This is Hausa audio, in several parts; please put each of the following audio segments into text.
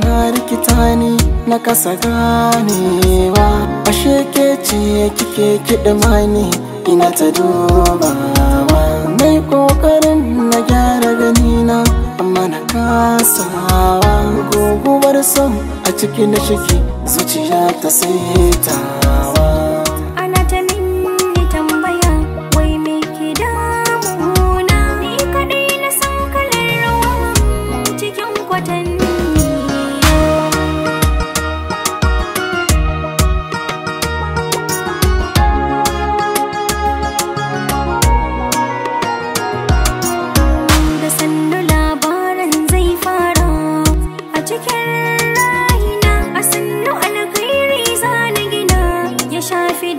kina rikita na kasa ganewa ashe ke ce kike kiɗima mani ina ta dubawa mai kokarin na gyara ganina amma na kasawa guguwar son a ciki na shiki zuciya ta saitawa what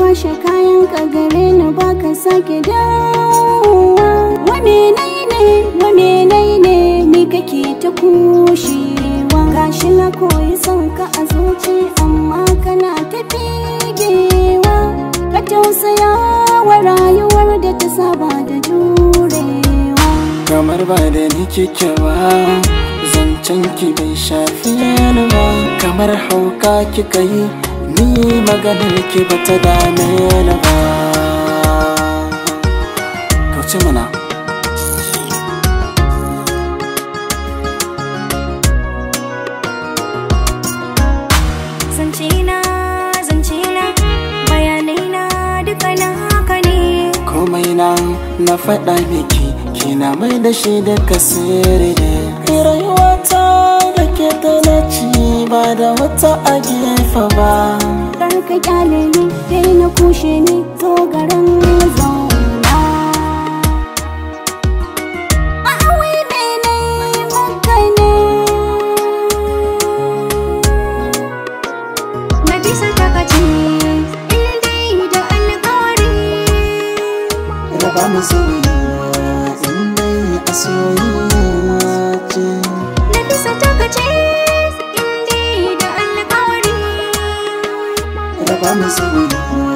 kwashe kayan ka gare ni ba sake dawowa wa menene wa ne ni kake ta kushewa gashi na koyi son ka a zuci amma kana ta figewa ka tausaya wa rayuwar da ta saba da jurewa kamar ba da ni kike ba zancen ki bai shafi ba kamar hauka kika yi ji maganar ki ba ba kauce na duka na ne komai na faɗa miki kina mai da shi da kasiri ne ba da wata a gefe ba karka kyale ne kai na kushe ne zo garin zauna ma'awi ne ne muka ne na bisa takaci in dai da alƙawari raba 我们所谓的。